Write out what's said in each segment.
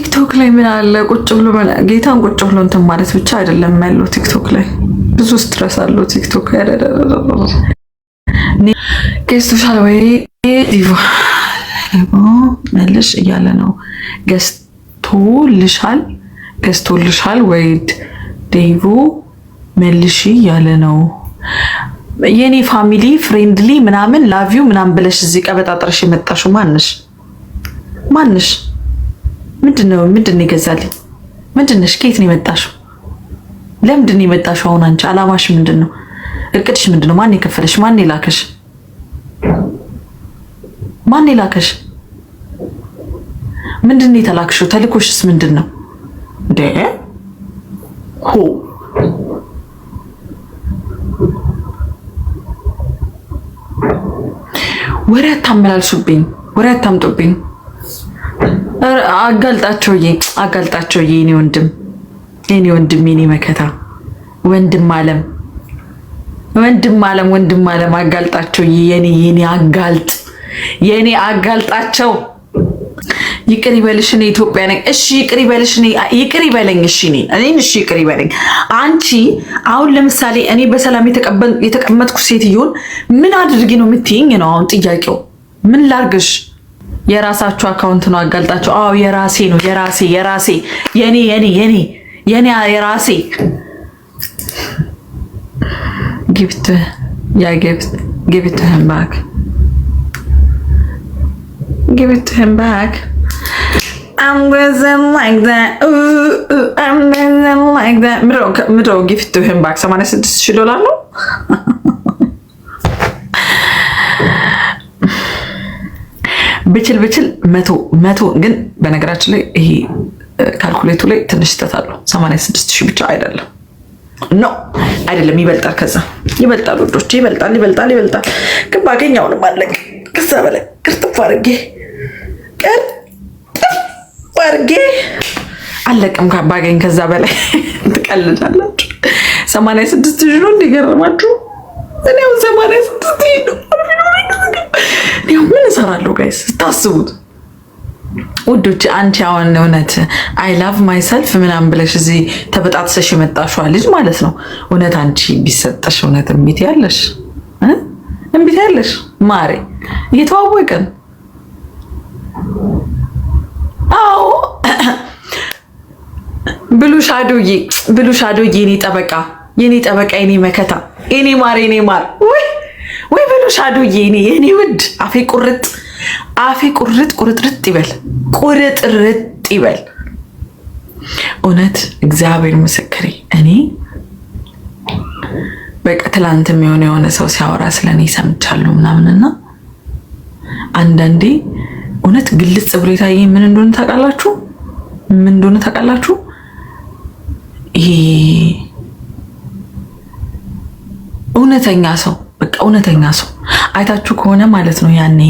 ቲክቶክ ላይ ምን አለ ቁጭ ብሎ ጌታን ቁጭ ብሎ እንትን ማለት ብቻ አይደለም ያለው። ቲክቶክ ላይ ብዙ ስትረስ አለው። ቲክቶክ ገዝቶሻል ወይ መልሽ እያለ ነው። ገዝቶልሻል ገዝቶልሻል ወይ ዴቮ መልሽ እያለ ነው። የኔ ፋሚሊ ፍሬንድሊ ምናምን ላቪው ምናምን ብለሽ እዚህ ቀበጣጥረሽ የመጣሽው ማንሽ ማንሽ? ምንድን ነው ምንድን ነው ይገዛልኝ? ምንድን ነሽ? ከየት ነው የመጣሽው? ለምንድን ነው የመጣሽው? አሁን አንቺ አላማሽ ምንድን ነው? እቅድሽ ምንድን ነው? ማን የከፈለሽ? ማን የላከሽ? ማን የላከሽ? ምንድን ነው የተላክሽው? ተልኮሽስ ምንድን ነው? ደ ሆ ወሬ አታመላልሱብኝ፣ ወሬ አታምጡብኝ። አጋልጣቸው አጋልጣቸውዬ የኔ ወንድም የኔ ወንድም የኔ መከታ ወንድም አለም ወንድም አለም ወንድም አለም አጋልጣቸውዬ የኔ የኔ አጋልጥ የኔ አጋልጣቸው ይቅር ይበልሽ እኔ ኢትዮጵያ ነኝ። እሺ ይቅር ይበልሽ እኔ ይቅር ይበለኝ። እሺ እኔ እኔን እሺ ይቅር ይበለኝ። አንቺ አሁን ለምሳሌ እኔ በሰላም የተቀመጥኩ ሴትዮን ምን አድርጊ ነው የምትይኝ ነው አሁን ጥያቄው? ምን ላርግሽ? የራሳችሁ አካውንት ነው አጋልጣችሁ። አዎ የራሴ ነው የራሴ የራሴ የኔ የኔ የኔ የኔ የራሴ ግብት ያ ግብት ግብት ህምባክ ግብት ህምባክ ምድረው ጊፍት ህምባክ 86 ሺህ ዶላር ነው። ብችል ብችል መቶ መቶ ግን በነገራችን ላይ ይሄ ካልኩሌቱ ላይ ትንሽ ስህተት አለው። 86 ሺህ ብቻ አይደለም ኖ አይደለም፣ ይበልጣል። ከዛ ይበልጣል፣ ወዶች ይበልጣል፣ ይበልጣል፣ ይበልጣል። ግን ባገኛውንም አለቅ ከዛ በላይ ቅርጥፍ አርጌ ቅርጥፍ አርጌ አለቅም ባገኝ ከዛ በላይ ትቀልላላችሁ። 86 ሺህ ነው እንዲገርማችሁ እኔው 86 ሺህ ነው እሰራለሁ ጋይስ ስታስቡት ውዶች አንቺ አሁን እውነት አይ ላቭ ማይሰልፍ ምናምን ብለሽ እዚህ ተበጣጥሰሽ የመጣሽዋ ልጅ ማለት ነው። እውነት አንቺ ቢሰጠሽ እውነት እምቢት ያለሽ እምቢት ያለሽ ማሬ እየተዋወቅን አዎ ብሉ ሻዶዬ ብሉ ሻዶዬ የኔ ጠበቃ የኔ ጠበቃ የኔ መከታ የኔ ማር የኔ ማር ሻዶዬ እኔ የኔ ውድ አፌ ቁርጥ አፌ ቁርጥ ቁርጥርጥ ይበል ቁርጥርጥ ይበል። እውነት እግዚአብሔር ምስክሬ እኔ በቃ ትላንትም የሆነ የሆነ ሰው ሲያወራ ስለ እኔ ሰምቻለሁ ምናምንና አንዳንዴ እውነት ግልጽ ብሎ የታየኝ ምን እንደሆነ ታውቃላችሁ? ምን እንደሆነ ታውቃላችሁ? ይሄ እውነተኛ ሰው እውነተኛ ሰው አይታችሁ ከሆነ ማለት ነው ያኔ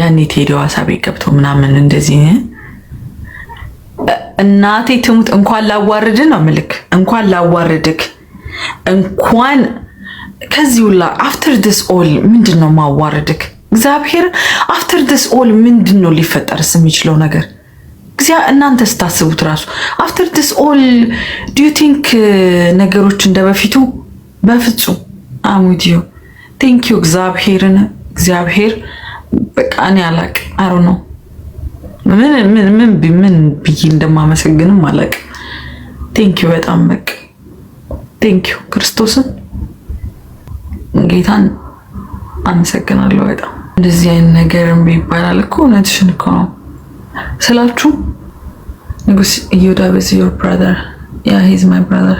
ያኔ ቴዲዋ ሀሳቤ ገብቶ ምናምን እንደዚህ እናቴ ትሙት እንኳን ላዋርድ ነው ምልክ እንኳን ላዋርድክ እንኳን ከዚህ ሁላ አፍተር ድስ ኦል ምንድን ነው ማዋርድክ? እግዚአብሔር አፍተር ድስ ኦል ምንድን ነው ሊፈጠርስ የሚችለው ነገር? እናንተ ስታስቡት ራሱ አፍተር ድስ ኦል ዲዩ ቲንክ ነገሮች እንደ በፊቱ በፍጹም አሙዲዮ ቴንኪዩ እግዚአብሔርን እግዚአብሔር በቃ እኔ አላቅ አሮ ነው ምን ምን ምን ምን ብዬ እንደማመሰግንም አላቅም። ቴንኪዩ በጣም በቃ ቴንኪዩ ክርስቶስን ጌታን አመሰግናለሁ በጣም እንደዚህ አይነት ነገር እምቢ ይባላል እኮ እውነትሽን እኮ ነው ስላችሁ ንጉስ እዮዳ በዚህ ዮር ብራዘር ያ ሂዝ ማይ ብራዘር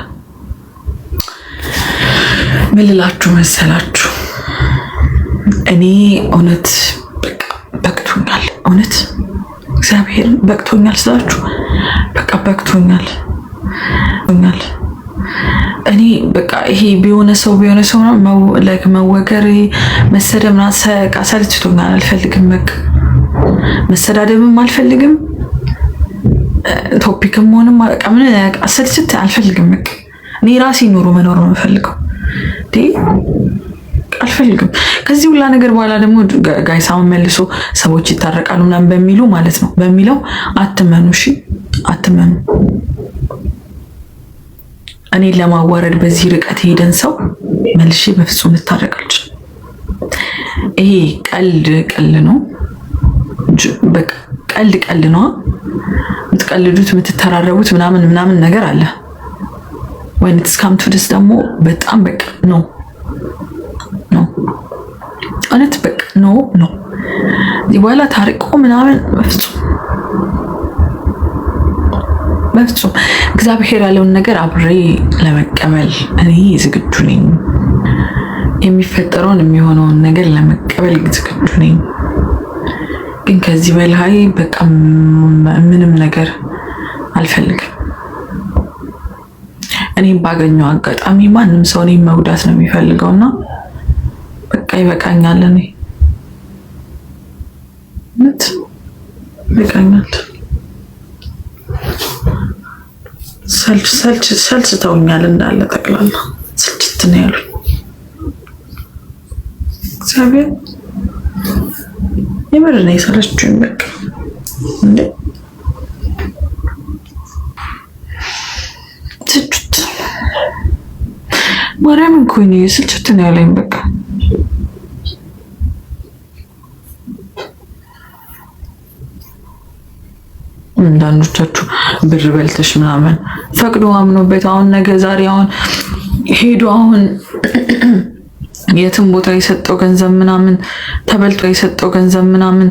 ምልላችሁ መሰላችሁ እኔ እውነት በቅቶኛል። እውነት እግዚአብሔር በቅቶኛል ስላችሁ በቃ በቅቶኛል ኛል እኔ በቃ ይሄ ቢሆነ ሰው ቢሆነ ሰው ላይክ መወገር መሰደብ ሰልችቶኛል። አልፈልግም በቃ መሰዳደብም አልፈልግም። ቶፒክም ሆንም ምን ሰልችት አልፈልግም። በቃ እኔ ራሴ ኑሮ መኖር ነው የምፈልገው። አልፈልግም። ከዚህ ሁላ ነገር በኋላ ደግሞ ጋይሳ መልሶ ሰዎች ይታረቃሉ ምናምን በሚሉ ማለት ነው በሚለው አትመኑ፣ እሺ አትመኑ። እኔ ለማዋረድ በዚህ ርቀት የሄደን ሰው መልሼ በፍጹም ልታረቅ አልችልም። ይሄ ቀልድ ቀልድ ነው፣ ቀልድ ቀልድ ነው። የምትቀልዱት የምትተራረቡት ምናምን ምናምን ነገር አለ ወይን ትስካም ቱድስ ደግሞ በጣም በቃ ኖ ኖ እውነት በቃ ኖ ኖ እዚህ በኋላ ታርቆ ምናምን በፍጹም በፍጹም እግዚአብሔር ያለውን ነገር አብሬ ለመቀበል እኔ ዝግጁ ነኝ። የሚፈጠረውን የሚሆነውን ነገር ለመቀበል ዝግጁ ነኝ። ግን ከዚህ በላይ በቃ ምንም ነገር አልፈልግም። እኔም ባገኘው አጋጣሚ ማንም ሰው እኔም መጉዳት ነው የሚፈልገው እና በቃ ይበቃኛል። እኔ እውነት ይበቃኛል። ሰልች ሰልች ሰልች ተውኛል እንዳለ ጠቅላላ ስልችት ነው ያሉ እግዚአብሔር የምር ነው የሰለችኝ። ማርያምን እኮ እኔ ስልችት ነው ያለኝ። በቃ አንዳንዶቻችሁ ብር በልተሽ ምናምን ፈቅዶ አምኖበት አሁን ነገ ዛሬ አሁን ሄዶ አሁን የትም ቦታ የሰጠው ገንዘብ ምናምን ተበልቶ የሰጠው ገንዘብ ምናምን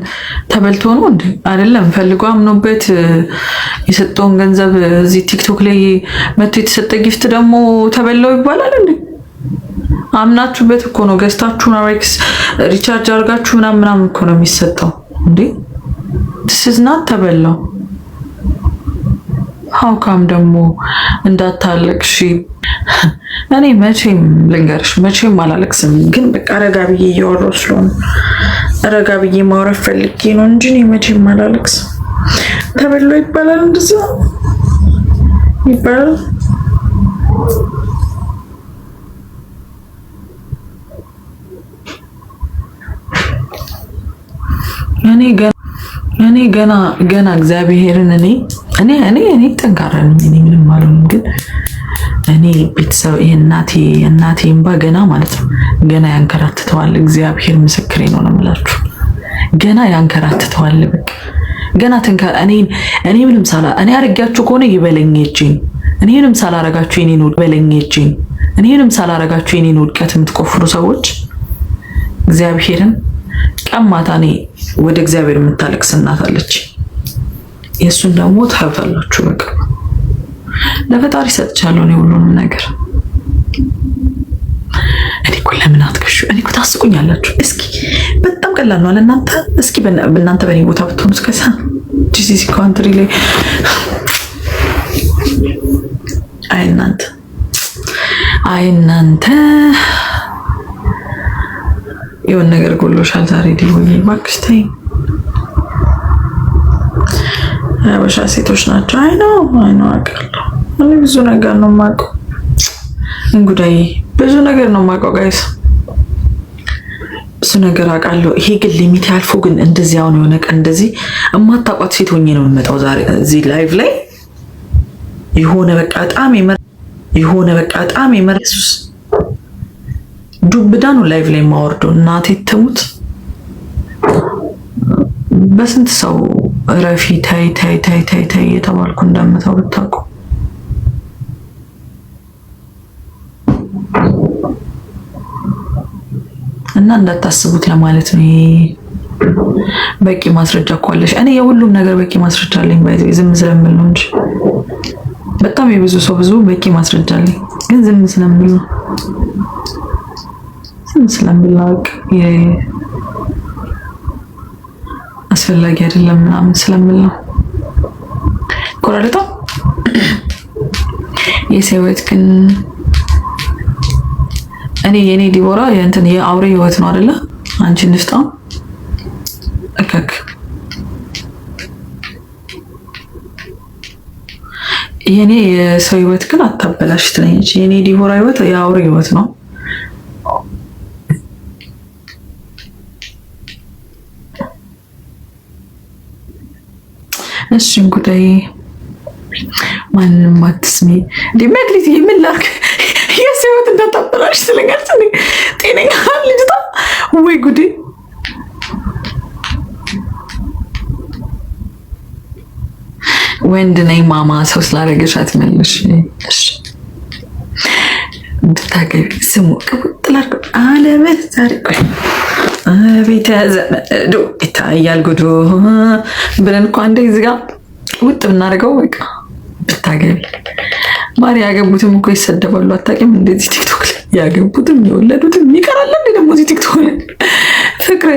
ተበልቶ ነው እንዴ? አይደለም። ፈልጎ አምኖበት የሰጠውን ገንዘብ እዚህ ቲክቶክ ላይ መቶ የተሰጠ ጊፍት ደግሞ ተበላው ይባላል እንዴ? አምናችሁበት እኮ ነው ገዝታችሁን አሬክስ ሪቻርጅ አድርጋችሁ ምናምን ምናምን እኮ ነው የሚሰጠው እንዴ? ትስዝናት ተበላው ሀውካም ደግሞ እንዳታለቅሺ? እኔ መቼም ልንገርሽ መቼም አላለቅስም፣ ግን በቃ ረጋ ብዬ እያወራሁ ስለሆነ ረጋ ብዬ ማውራት ፈልጌ ነው እንጂ እኔ መቼም አላለቅስም። ተበሎ ይባላል እንደዛ ይባላል። እኔ ገና ገና እግዚአብሔርን እኔ እኔ እኔ እኔ ጠንካራ ነው። እኔ ምንም አልሆንም፣ ግን እኔ ቤተሰብ እናቴ እናቴ እንባ ገና ማለት ነው ገና ያንከራትተዋል። እግዚአብሔር ምስክሬ ነው ነው የምላችሁ ገና ያንከራትተዋል። በቃ ገና ተንካ እኔ እኔ ምንም ሳላ እኔ አረጋችሁ ከሆነ ይበለኝ እጄን እኔ ምንም ሳላረጋችሁ የኔን ውድ በለኝ እጄን እኔ ምንም ሳላረጋችሁ የኔን ውድቀት የምትቆፍሩ ሰዎች እግዚአብሔርን ቀን እኔ ወደ እግዚአብሔር የምታለቅስ እናት አለች። የእሱን ደግሞ ታዩታላችሁ። በቅርብ ለፈጣሪ ሰጥቻለሁ እኔ ሁሉንም ነገር። እኔ እኮ ለምን አትገሹ? እኔ እኮ ታስቁኛላችሁ። እስኪ በጣም ቀላል ነው ለእናንተ። እስኪ እናንተ በእኔ ቦታ ብትሆኑ እስከዛ ጂሲሲ ካንትሪ ላይ አይ እናንተ አይ እናንተ የሆነ ነገር ጎሎሻል ዛሬ ዲሆኝ ባክሽታይ ሀበሻ ሴቶች ናቸው። አይ ነው አውቃለሁ። እኔ ብዙ ነገር ነው የማውቀው። እንጉዳይ ብዙ ነገር ነው የማውቀው ጋይስ፣ ብዙ ነገር አውቃለሁ። ይሄ ግን ሊሚት ያልፎ ግን እንደዚህ አሁን የሆነ ቀን እንደዚህ እማታውቋት ሴት ሆኜ ነው የምመጣው ዛሬ እዚህ ላይቭ ላይ የሆነ በቃ በጣም የሆነ በቃ በጣም የመረ ኢየሱስ ዱብዳ ነው ላይቭ ላይ የማወርደው እናቴ ትሙት በስንት ሰው እረፊ ታይ ታይ ታይ ታይ ታይ የተባልኩ እንደምታው ብታውቁ እና እንዳታስቡት ለማለት ነው። በቂ ማስረጃ እኮ አለሽ። እኔ የሁሉም ነገር በቂ ማስረጃ አለኝ። ባይዘ ዝም ስለምል ነው እንጂ በጣም የብዙ ሰው ብዙ በቂ ማስረጃ አለኝ፣ ግን ዝም ስለምል ነው ዝም ስለምል ነው አስፈላጊ አይደለም ምናምን ስለምል ነው። ቆራርጠው የሰው ህይወት ግን እኔ የኔ ዲቦራ የእንትን የአውሬ ህይወት ነው አይደለ? አንቺ ንፍጣ እከክ የኔ የሰው ህይወት ግን አታበላሽ ትለኛለች። የኔ ዲቦራ ህይወት የአውሬ ህይወት ነው። እሺ እንጉዳይ ማንንም አትስሚ። እንደ መክሊት ምን ላድርግ? የሰው እንዳታበላሽ ስለጋርስ ጤነኛ ልጅቷ ወይ ጉዴ! ወንድ ነኝ ማማ ሰው ስላደረገሽ አትመልሽ። እሺ ስሙ ቅቡጥ ላድርገው አለበት ዛሬ ቆይ ቤተ ዘመዱ ይታያል ጉዱ ብለን እኮ አንዴ እዚህ ጋ ውጥ ብናደርገው በቃ ብታገቢ ማሪ ያገቡትም እኮ ይሰደባሉ። አታውቂም? እንደዚህ ቲክቶክ ላይ ያገቡትም የወለዱትም ይቀራል። እንደ ደግሞ እዚህ ቲክቶክ ላይ ፍቅሬ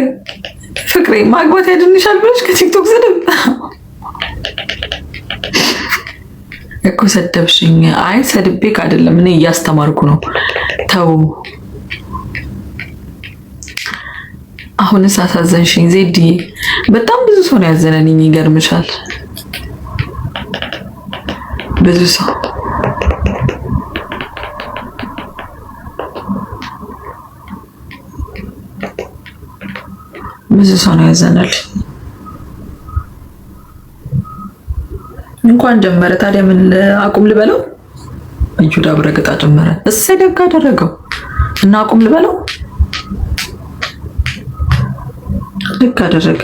ፍቅሬ ማግባት ያድንሻል ብለሽ ከቲክቶክ ስድብ እኮ ሰደብሽኝ። አይ ሰድቤክ አይደለም እኔ እያስተማርኩ ነው። ተው አሁንስ አሳዘንሽኝ ዜድዬ። በጣም ብዙ ሰው ነው ያዘነልኝ። ይገርምሻል፣ ብዙ ሰው ብዙ ሰው ነው ያዘነልኝ። እንኳን ጀመረ ታዲያ ምን አቁም ልበለው? እጁ ዳብረ ገጣ ጀመረ። እሰይ ደግ አደረገው እና አቁም ልበለው ልክ አደረገ።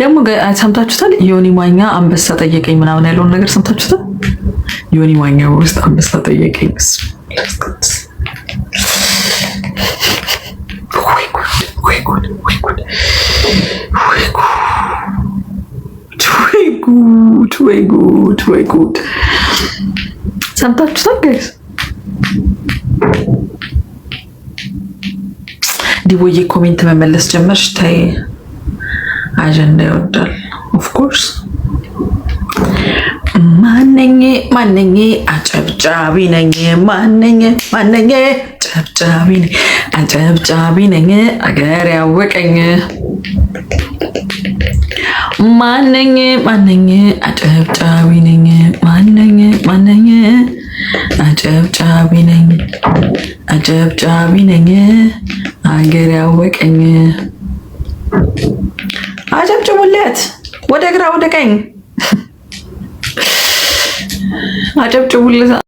ደግሞ ሰምታችሁታል? ዮኒ ማኛ አንበሳ ጠየቀኝ ምናምን ያለውን ነገር ሰምታችሁታል? ዮኒ ማኛ ውስጥ አንበሳ ጠየቀኝ ሰምታችሁታል? ጋይስ দিবয়ে কমেন্ট মমেলস জেমারShaderType আজেন্ডা ওটল অফ কোর্স মানঙ্গে মানঙ্গে আচাবচাবি নাঙ্গে মানঙ্গে মানঙ্গে চাবচাবি নাচাবচাবি নাঙ্গে আগারে ওকঞে মানঙ্গে মানঙ্গে আচাবচাবি নাঙ্গে মানঙ্গে মানঙ্গে আচাবচাবি নাঙ্গে আচাবচাবি নাঙ্গে አገር ያወቀኝ አጨብጭቡለት። ወደ ግራ ወደ ቀኝ አጨብጭቡለት።